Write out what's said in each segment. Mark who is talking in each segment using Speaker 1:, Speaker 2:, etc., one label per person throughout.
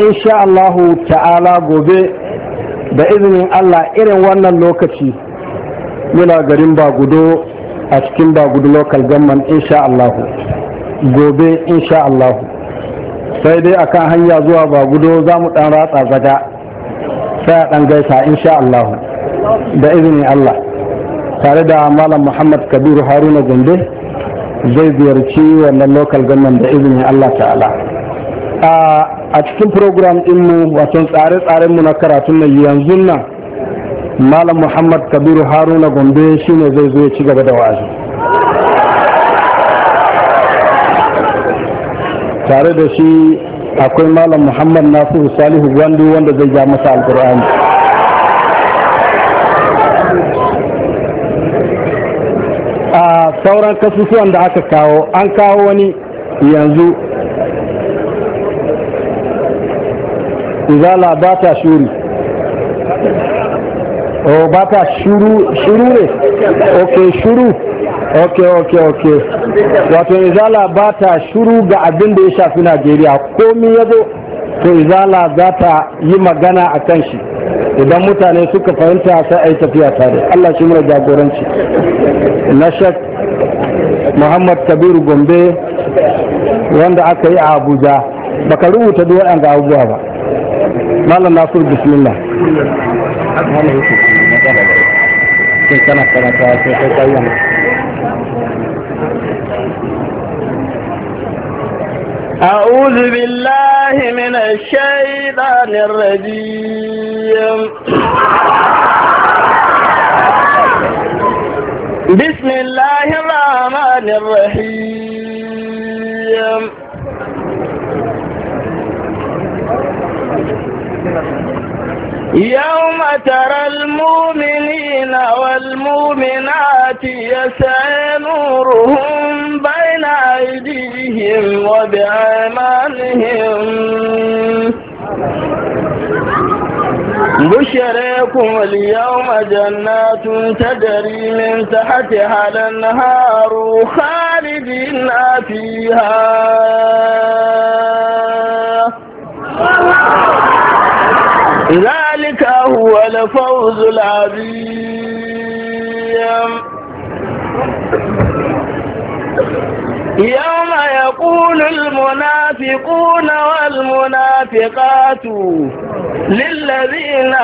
Speaker 1: insha Allahu ta'ala gobe da izinin Allah irin wannan lokaci muna garin bagudo a cikin bagudo local government insha Allahu gobe insha Allahu sai dai akan hanya zuwa bagudo za mu dan ratsa zaga sai a dan gaisa insha Allahu da izinin Allah tare da malam Muhammad Kabiru Haruna Gombe zai ziyarci wannan local government da izinin Allah ta'ala a cikin program ɗinmu wato tsare tsaren mu na karatu na yanzu nan malam muhammad kabiru haruna gombe shine zai zo ya ci gaba da wa'azi tare da shi akwai malam muhammad nasiru salihu gwandu wanda zai ja masa alkur'ani a sauran kasusuwan da aka kawo an kawo wani yanzu izala ba ta shuri o ba ta shuru shuru ne ok shuru ok ok ok wato izala ba ta shuru ga abin da ya shafi najeriya komi ya zo to izala za ta yi magana a kan shi idan mutane suka fahimta sai a yi tafiya tare allah shi mura jagoranci na shak muhammad kabiru gombe wanda aka yi a abuja baka rubuta duk waɗanda abubuwa ba قال الله اقول بسم الله
Speaker 2: أعوذ بالله من الشيطان الرجيم بسم الله الرحمن الرحيم يوم ترى المؤمنين والمؤمنات يسعى نورهم بين أيديهم وبأيمانهم بشريكم اليوم جنات تجري من تحتها الأنهار خالدين فيها هو فوز العظيم يوم يقول المنافقون والمنافقات للذين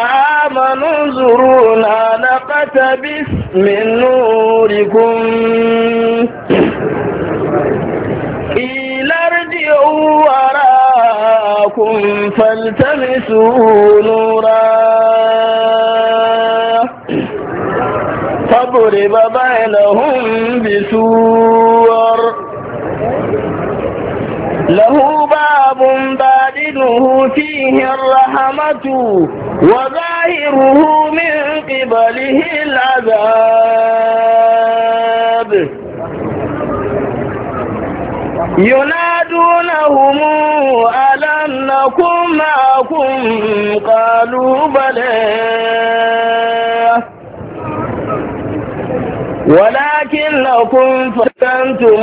Speaker 2: آمنوا انظرونا نقتبس من نوركم لكم فالتمسوا نورا فضرب بينهم بسور له باب بادنه فيه الرحمة وظاهره من قبله العذاب ينادونهم ألم نكن معكم قالوا بلى ولكنكم فتنتم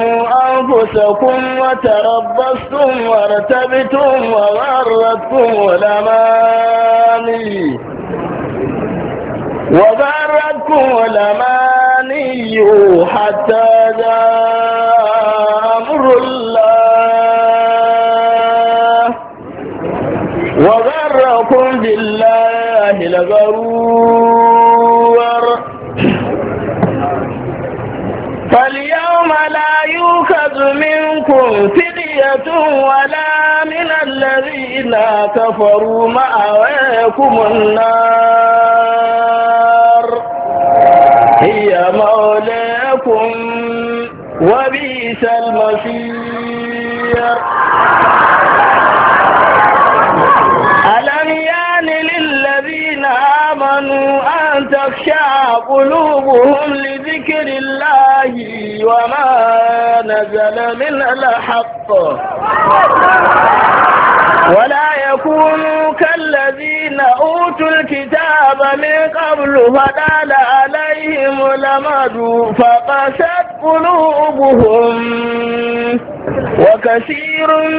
Speaker 2: أنفسكم وتربصتم وارتبتم وغرتكم الأماني وغرتكم الأماني حتى ذا الله وغركم بالله الغرور فاليوم لا يوخذ منكم فدية ولا من الذين كفروا مأواكم النار هي مولاكم وب عيسى المصير ألم يان للذين آمنوا أن تخشع قلوبهم لذكر الله وما نزل من الحق ولا يكونوا كالذين أوتوا الكتاب من قبل فدال عليهم لمدوا فقست قلوبهم وكثير